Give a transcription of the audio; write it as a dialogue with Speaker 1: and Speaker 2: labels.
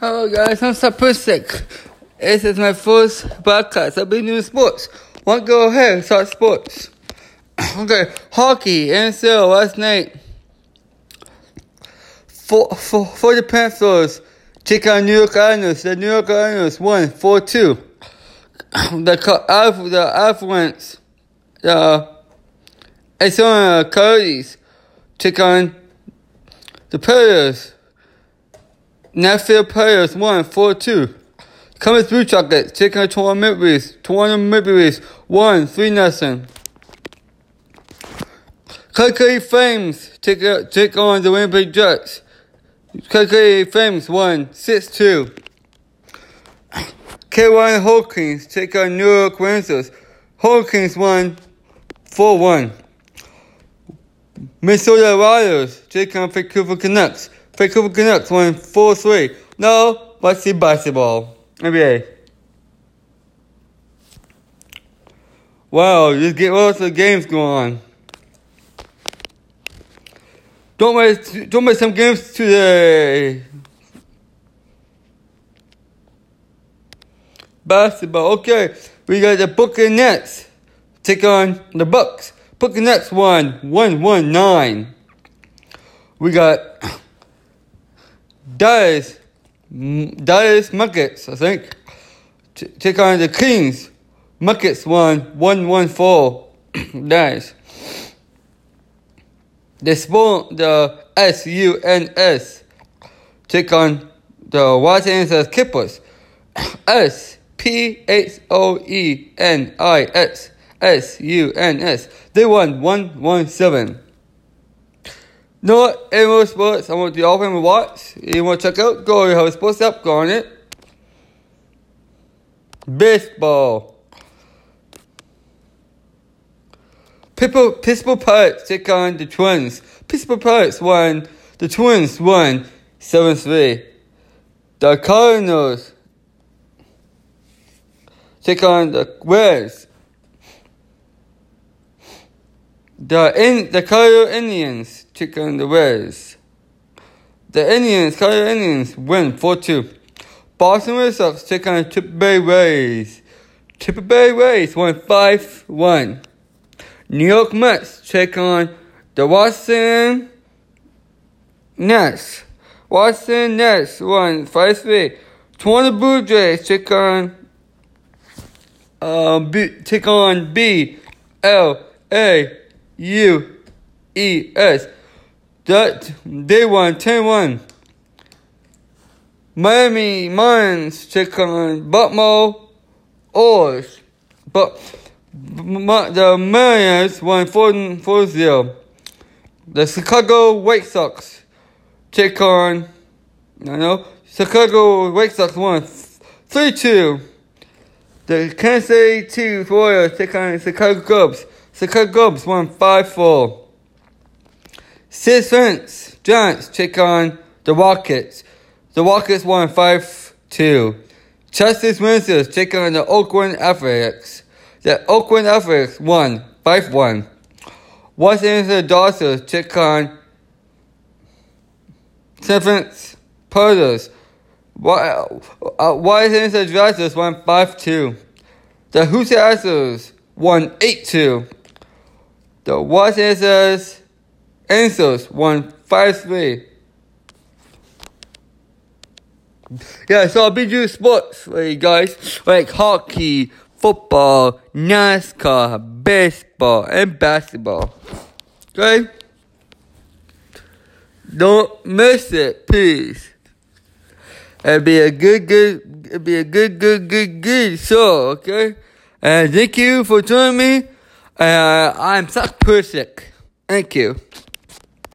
Speaker 1: Hello guys, I'm Sapusik. This is my first podcast. I've been doing sports. One go ahead, start sports. okay, hockey, NSL last night. For, the Panthers, take New York Islanders. The New York The, the the Arizona Coyotes, the Predators. Nashville Players 1 4 2. Coming through chocolate, taking a Toronto Maple Leafs, Toronto Maple Leafs 1 3 0. Calculated Flames take, take on the Winnipeg Jets. Calculated Flames 1 6 2. Carolina Hurricanes take on New York Rangers. Hurricanes 1 4 1. Minnesota Riders take on Vancouver Canucks. Vancouver Canucks win 4 3. No, let's see basketball. NBA. Wow, just get lots games going on. Don't miss, some games today. Basketball. Okay, we got the Brooklyn Nets take on the Bucks. Brooklyn Nets won one one nine. We got Darius, Darius I think, t- take on the Kings. Muckets won 1 1 4. They spawned the SUNS. Take on the Washington Kippers. S P H e, I S S They won You know sports I want the all family watch, you want check out, go to your sports app, go Baseball. People, Pittsburgh take on the Twins. Pittsburgh Pirates won. The Twins won 7 3. The Cardinals take on the Reds. The in the Colorado Indians took Indians, win 4-2. Boston Red Sox on the Bay Rays. Tampa Bay Rays won 5-1. New York Mets take on the Washington Nets. Washington Nets won 5-3. Toronto on uh, B, take on B L A U E S. ten one. Miami Mines Chicken Butmo Oars. the Mariners won 4 4 The Chicago White Sox Chicago White Sox won 3 2. The Kansas City Royals take Chicago Cubs Sakai Globes won fivefold. Sixth Giants take on the Rockets. The Rockets won 5 2. Justice Ministers take on the Oakland Athletics. The Oakland Athletics won 5 1. Washington Dodgers take on Seventh Predators. Washington uh, uh, Dodgers won 5 2. The Houston Astros won 8 2. The what answers answers one five three. Yeah, so I'll be doing sports for guys, like hockey, football, NASCAR, baseball, and basketball. Okay? Don't miss it, please. And be a good, good, good, good, good, good And thank you for joining me. Uh, I'm Zach Persik. Thank you.